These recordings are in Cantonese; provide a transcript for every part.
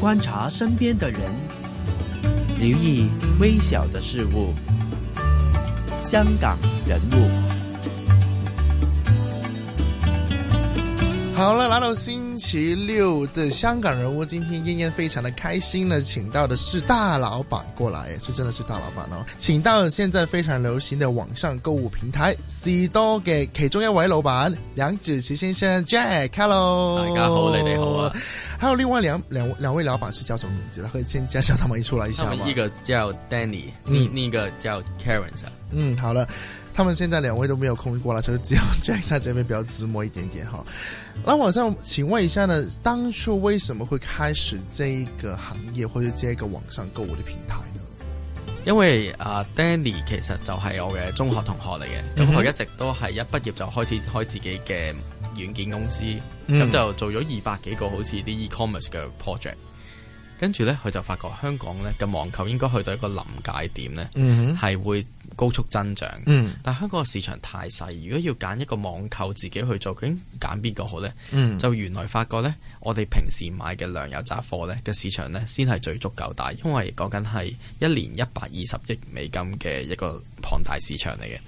觀察身邊的人，留意微小的事物。香港人物，好了，來到星期六的香港人物，今天燕燕非常的開心呢，請到的是大老闆過來，誒，這真的是大老闆哦，請到現在非常流行的網上購物平台 C 多嘅其中一位老闆梁子琪先生 Jack，hello，大家好，你哋好啊。還有另外兩兩兩位老闆是叫什麼名字呢？可以先介紹他們一出來一下嗎？他們一個叫 Danny，另、嗯、一個叫 Karen。嗯，好了，他們現在兩位都沒有空過來，所以只有 Jack 在這邊比較自摸一點點哈。那我想請問一下呢，當初為什麼會開始這個行業，或者這個網上購物的平台呢？因為啊、uh，Danny 其實就是我的中學同學嚟嘅，咁佢一直都是一畢業就開始開自己嘅軟件公司。咁、嗯、就做咗二百幾個好似啲 e-commerce 嘅 project，跟住呢，佢就發覺香港呢嘅網購應該去到一個臨界點呢係、嗯、哼會高速增長。嗯、但香港嘅市場太細，如果要揀一個網購自己去做，究竟揀邊個好呢？嗯、就原來發覺呢，我哋平時買嘅糧油雜貨呢嘅市場呢，先係最足夠大，因為講緊係一年一百二十億美金嘅一個龐大市場嚟嘅。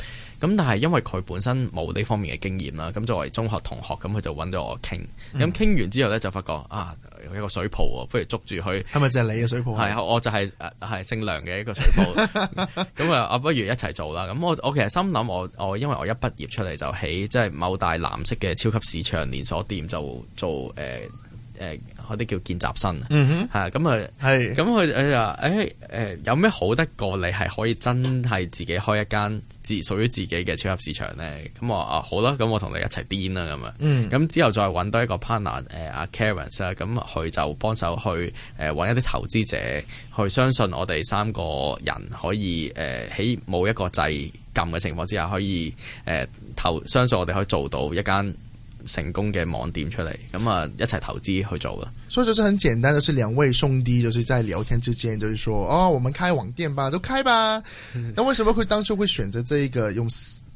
咁但係因為佢本身冇呢方面嘅經驗啦，咁作為中學同學，咁佢就揾咗我傾，咁傾、嗯、完之後咧就發覺啊有一個水泡，不如捉住佢，係咪就係你嘅水泡？係，我就係係姓梁嘅一個水泡，咁啊， 我不如一齊做啦。咁我我其實心諗我我因為我一畢業出嚟就喺即係某大藍色嘅超級市場連鎖店就做誒誒。呃呃嗰啲叫見習生，嚇咁、mm hmm. 啊，係咁佢佢就誒誒、欸呃、有咩好得過你係可以真係自己開一間自屬於自己嘅超級市場咧？咁我啊，好啦，咁我同你一齊癲啦咁啊，咁、mm hmm. 之後再揾多一個 partner 誒、呃、阿 Carson 啦，咁、啊、佢就幫手去誒揾、呃、一啲投資者，去相信我哋三個人可以誒喺冇一個制禁嘅情況之下，可以誒投、呃、相信我哋可以做到一間。成功嘅網店出嚟，咁啊一齊投資去做啦。所以就是很簡單，就是兩位兄弟就是在聊天之間，就是說，哦，我們開網店吧，就開吧。那 為什麼會當初會選擇這一個用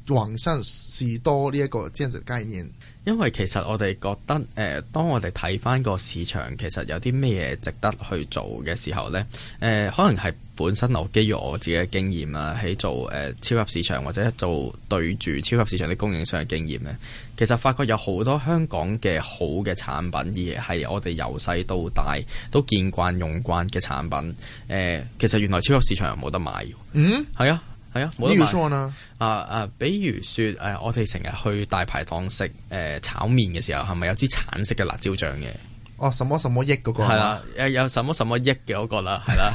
網上許多呢一個這樣子概念？因為其實我哋覺得，誒、呃，當我哋睇翻個市場，其實有啲咩值得去做嘅時候呢，誒、呃，可能係本身我基於我自己嘅經驗啊，喺做誒、呃、超級市場或者做對住超級市場啲供應商嘅經驗呢，其實發覺有好多香港嘅好嘅產品，而係我哋由細到大都見慣用慣嘅產品，誒、呃，其實原來超級市場又冇得買，嗯，係啊。係啊，冇得錯啊啊，比如說誒、哎，我哋成日去大排檔食誒、呃、炒麵嘅時候，係咪有支橙色嘅辣椒醬嘅？哦，什麼什麼益嗰、那個係啦，有 有什麼什麼益嘅嗰個啦，係啦。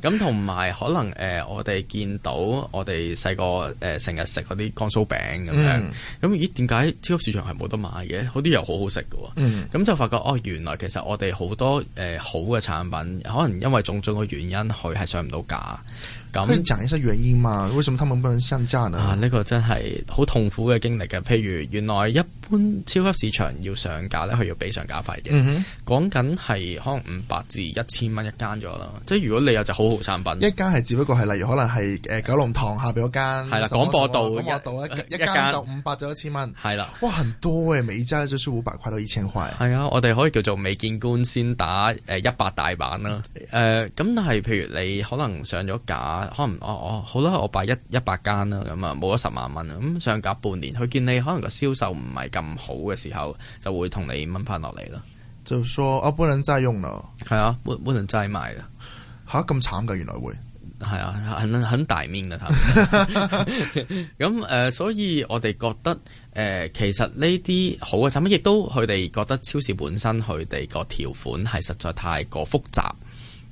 咁同埋可能誒、呃，我哋見到我哋細個誒，成日食嗰啲光酥餅咁樣，咁、嗯、咦點解超級市場係冇得買嘅？嗰啲又好好食嘅喎，咁、嗯、就發覺哦，原來其實我哋、呃、好多誒好嘅產品，可能因為種種嘅原因，佢係上唔到架。可以講一下原因嘛？為什麼他們不能上架呢？啊，呢、這個真係好痛苦嘅經歷嘅。譬如原來一般超級市場要上架咧，佢要俾上架費嘅。嗯哼。講緊係可能五百至一千蚊一間咗啦，即係如果你有隻好好產品一間係只不過係，例如可能係誒九龍塘下邊嗰間係啦，廣播道、廣播道一間就五百到一千蚊係啦，哇，很多嘅美齋就收五百塊到一千塊係啊。我哋可以叫做未見官先打誒一百大板啦。誒，咁但係譬如你可能上咗架，可能我我，好啦，我擺一一百間啦，咁啊冇咗十萬蚊咁，上架半年，佢見你可能個銷售唔係咁好嘅時候，就會同你掹翻落嚟啦。就說啊，不能再用了。係啊，不不能再買啦。吓咁慘噶，原來會係啊，很很大面噶。吓咁誒，所以我哋覺得誒、呃，其實呢啲好嘅產品，亦都佢哋覺得超市本身佢哋個條款係實在太過複雜，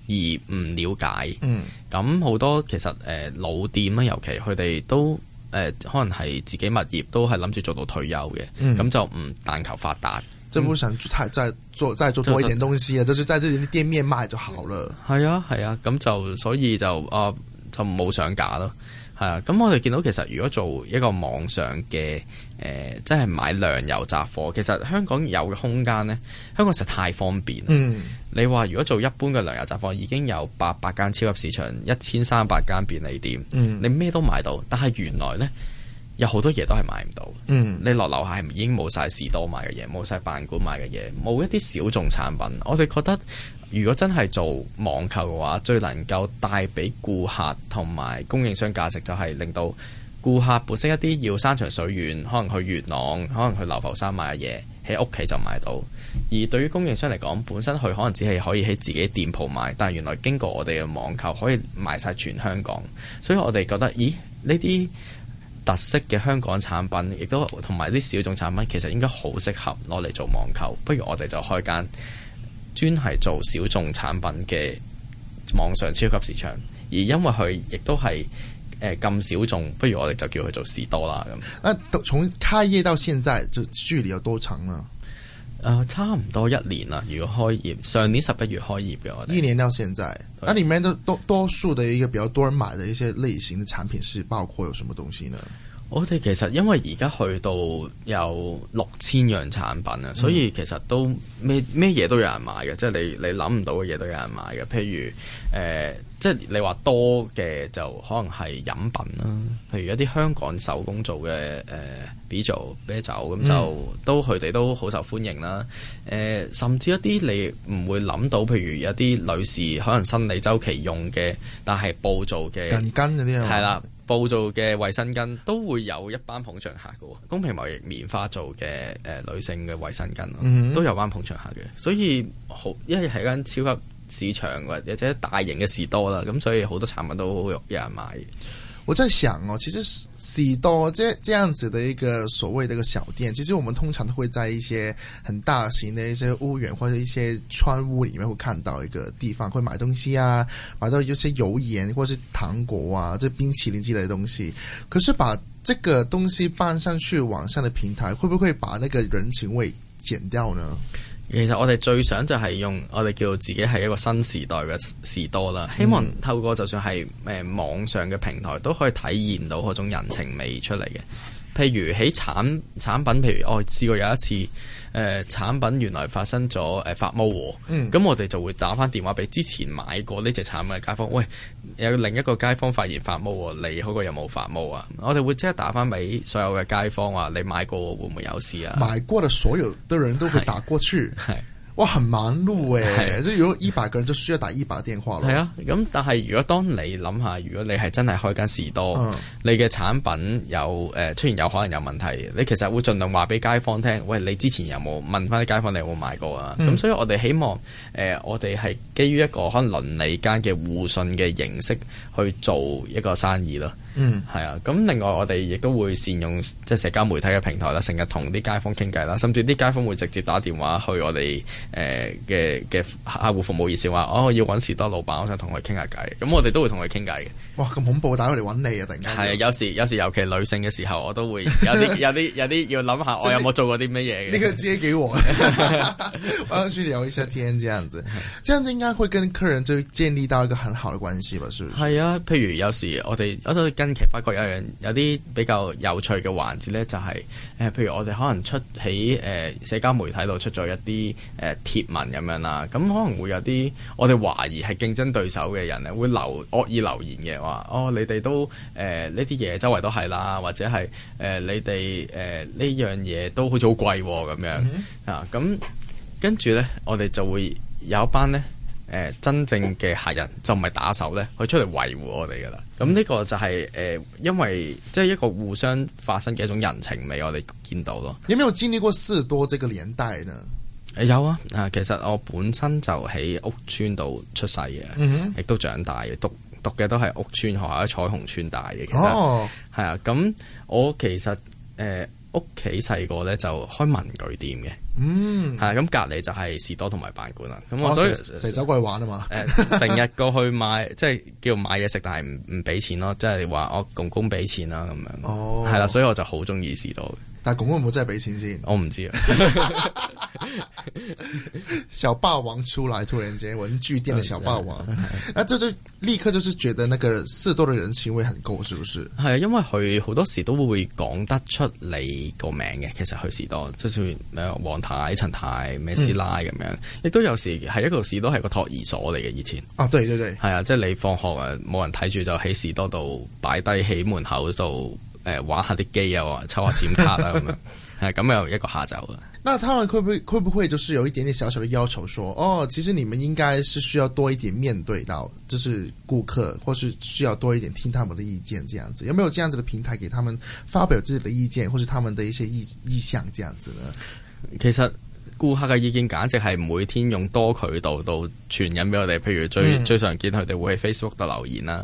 而唔了解。嗯，咁好多其實誒、呃、老店啦，尤其佢哋都誒、呃，可能係自己物業都係諗住做到退休嘅，咁、嗯、就唔但求發達。就唔想太再做、嗯、再做多一點東西，就，就是在自己啲店面賣就好了。係啊，係啊，咁、啊、就所以就啊、呃、就冇上架咯。係啊，咁我哋見到其實如果做一個網上嘅誒，即、呃、係、就是、買糧油雜貨，其實香港有嘅空間呢，香港實在太方便。嗯。你話如果做一般嘅糧油雜貨，已經有八百間超級市場，一千三百間便利店，嗯、你咩都買到，但係原來呢。有好多嘢都係買唔到，嗯、你落樓下係已經冇晒士多買嘅嘢，冇晒辦館買嘅嘢，冇一啲小眾產品。我哋覺得，如果真係做網購嘅話，最能夠帶俾顧客同埋供應商價值就係令到顧客本身一啲要山長水遠，可能去元朗，可能去流浮山買嘅嘢，喺屋企就買到。而對於供應商嚟講，本身佢可能只係可以喺自己店鋪買，但係原來經過我哋嘅網購，可以賣晒全香港。所以我哋覺得，咦呢啲特色嘅香港產品，亦都同埋啲小眾產品，其實應該好適合攞嚟做網購。不如我哋就開間專係做小眾產品嘅網上超級市場，而因為佢亦都係誒咁小眾，不如我哋就叫佢做士多啦咁。那、啊、從開業到現在，就距離有多長呢？誒，差唔多一年啦。如果開業，上年十一月開業嘅我哋，一年到現在，對那裏面都多多數的一個比較多人買的一些類型的產品是包括有什麼東西呢？我哋其實因為而家去到有六千樣產品啊，所以其實都咩咩嘢都有人買嘅，嗯、即係你你諗唔到嘅嘢都有人買嘅，譬如誒。呃即係你話多嘅就可能係飲品啦，譬如一啲香港手工做嘅誒、呃、啤酒、啤酒咁就都佢哋、嗯、都好受歡迎啦。誒、呃，甚至一啲你唔會諗到，譬如一啲女士可能生理週期用嘅，但係布做嘅，近巾嗰啲啊，係啦，布做嘅衛生巾都會有一班捧場客嘅喎。公平貿易棉花做嘅誒、呃、女性嘅衛生巾，嗯嗯都有班捧場客嘅，所以好，因為係間超級。市場或者大型嘅士多啦，咁所以好多產品都好容易有人買。我在想哦，其實士多即係這樣子的一個所謂嘅個小店，其實我們通常都會在一些很大型嘅一些屋苑或者一些村屋裡面會看到一個地方，會買東西啊，買到有些油鹽或是糖果啊，或者冰淇淋之類嘅東西。可是把這個東西搬上去網上的平台，會不會把那個人情味減掉呢？其實我哋最想就係用我哋叫做自己係一個新時代嘅士多啦，希望透過就算係誒網上嘅平台，都可以體驗到嗰種人情味出嚟嘅。譬如喺產產品，譬如我、哦、試過有一次，誒、呃、產品原來發生咗誒、呃、發毛喎，咁、嗯、我哋就會打返電話俾之前買過呢隻產品嘅街坊，喂，有另一個街坊發現發毛喎，你嗰個有冇發毛啊？我哋會即刻打返俾所有嘅街坊話，你買過會唔會有事啊？買過嘅所有的人都會打過去。哇，很忙碌誒，係啊，如果一百個人就需要打一百個電話咯。係啊，咁但係如果當你諗下，如果你係真係開間士多，嗯、你嘅產品有誒、呃、出現有可能有問題，你其實會盡量話俾街坊聽，喂，你之前有冇問翻啲街坊你有冇買過啊？咁、嗯、所以我哋希望誒、呃，我哋係基於一個可能鄰里間嘅互信嘅形式去做一個生意咯。嗯，係啊，咁另外我哋亦都會善用即係社交媒體嘅平台啦，成日同啲街坊傾偈啦，甚至啲街坊會直接打電話去我哋誒嘅嘅客戶服務熱線話，哦，我要揾士多老闆，我想同佢傾下偈，咁我哋都會同佢傾偈嘅。哇，咁恐怖，打嚟揾你啊，突然間。係啊，有時有時尤其女性嘅時候，我都會有啲有啲有啲要諗下，我有冇做過啲乜嘢嘅。呢 個姐幾旺啊，我想去聊一下天這，對這樣子，這樣子應該會跟客人就建立到一個很好嘅關係吧？是不是？係啊，譬如有時我哋其實發覺有樣有啲比較有趣嘅環節咧，就係、是、誒，譬如我哋可能出喺誒社交媒體度出咗一啲誒貼文咁樣啦，咁可能會有啲我哋懷疑係競爭對手嘅人咧，會留惡意留言嘅話，哦，你哋都誒呢啲嘢周圍都係啦，或者係誒、呃、你哋誒呢樣嘢都好似好貴咁樣啊，咁、mm hmm. 啊、跟住咧，我哋就會有一班咧。誒、呃、真正嘅客人就唔係打手咧，佢出嚟維護我哋噶啦。咁呢個就係、是、誒、呃，因為即係一個互相發生嘅一種人情味，我哋見到咯。有冇經歷過士多這個年代呢？呃、有啊，啊，其實我本身就喺屋村度出世嘅，亦、嗯、哼都長大嘅，讀讀嘅都係屋村學校彩虹村大嘅，其實係、哦、啊。咁我其實誒。呃屋企細個咧就開文具店嘅，嗯，係咁隔籬就係士多同埋辦館啦，咁我、哦、所以成日走過去玩啊嘛，誒、呃，成日 過去買即係叫買嘢食，但係唔唔俾錢咯，即係話我公公俾錢啦咁樣，係啦、哦，所以我就好中意士多。但公公共真在畀錢先？我唔知啊。 小霸王出來突然間，文具店嘅小霸王。啊對， 就立刻就是覺得那個士多嘅人情味很夠，是不是？係啊，因為佢好多時都會講得出你個名嘅。其實去士多即係譬如黃太、陳太、咩師奶咁樣，亦、嗯、都有時係一個士多係個托兒所嚟嘅。以前哦、啊，對對對，係啊，即、就、係、是、你放學啊冇人睇住就喺士多度擺低喺門口度。誒、欸，玩下啲機啊，抽下閃卡啦、啊、咁 樣，係咁又一個下晝啊。那他們會不會會不會就是有一點點小小的要求說，說哦，其實你們應該是需要多一點面對到，就是顧客，或是需要多一點聽他們的意見，這樣子，有沒有這樣子的平台給他們發表自己的意見，或是他們的一些意意向，這樣子呢？其實顧客嘅意見簡直係每天用多渠道到傳引俾我哋，譬如最、嗯、最常見佢哋會喺 Facebook 度留言啦、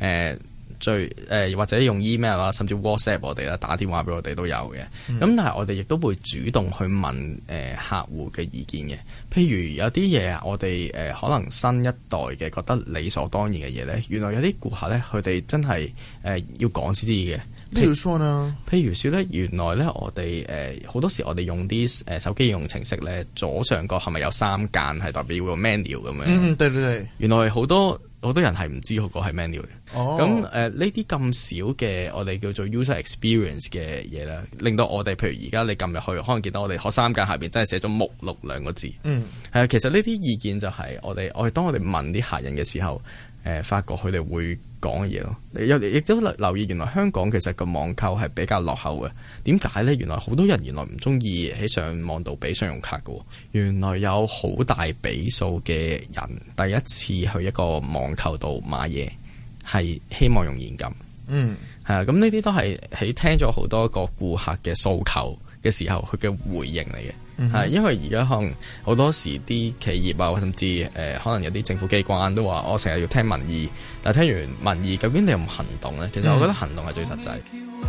啊，誒、欸。最誒、呃、或者用 email 啦，甚至 WhatsApp 我哋啦，打電話俾我哋都有嘅。咁、嗯、但係我哋亦都會主動去問誒、呃、客戶嘅意見嘅。譬如有啲嘢啊，我哋誒、呃、可能新一代嘅覺得理所當然嘅嘢咧，原來有啲顧客咧，佢哋真係誒、呃、要講先知嘅。譬如，譬如說呢，譬如說咧，原來咧我哋誒好多時我哋用啲誒手機應用程式咧，左上角係咪有三間係代表個 menu 咁樣？嗯嗯，對對對，對。原來好多。好多人係唔知嗰個係 menu 嘅，咁誒呢啲咁少嘅我哋叫做 user experience 嘅嘢咧，令到我哋譬如而家你撳入去，可能見到我哋學生架下邊真係寫咗目錄兩個字，嗯、mm. 呃，係其實呢啲意見就係我哋我哋當我哋問啲客人嘅時候，誒、呃、發覺佢哋會。講嘅嘢咯，你又亦都留意，原來香港其實個網購係比較落後嘅。點解呢？原來好多人原來唔中意喺上網度俾信用卡嘅。原來有好大比數嘅人第一次去一個網購度買嘢，係希望用現金。嗯，係啊。咁呢啲都係喺聽咗好多個顧客嘅訴求嘅時候，佢嘅回應嚟嘅。係，mm hmm. 因為而家可能好多時啲企業啊，甚至誒可能有啲政府機關都話，我成日要聽民意，但聽完民意究竟你有唔行動呢？其實我覺得行動係最實際。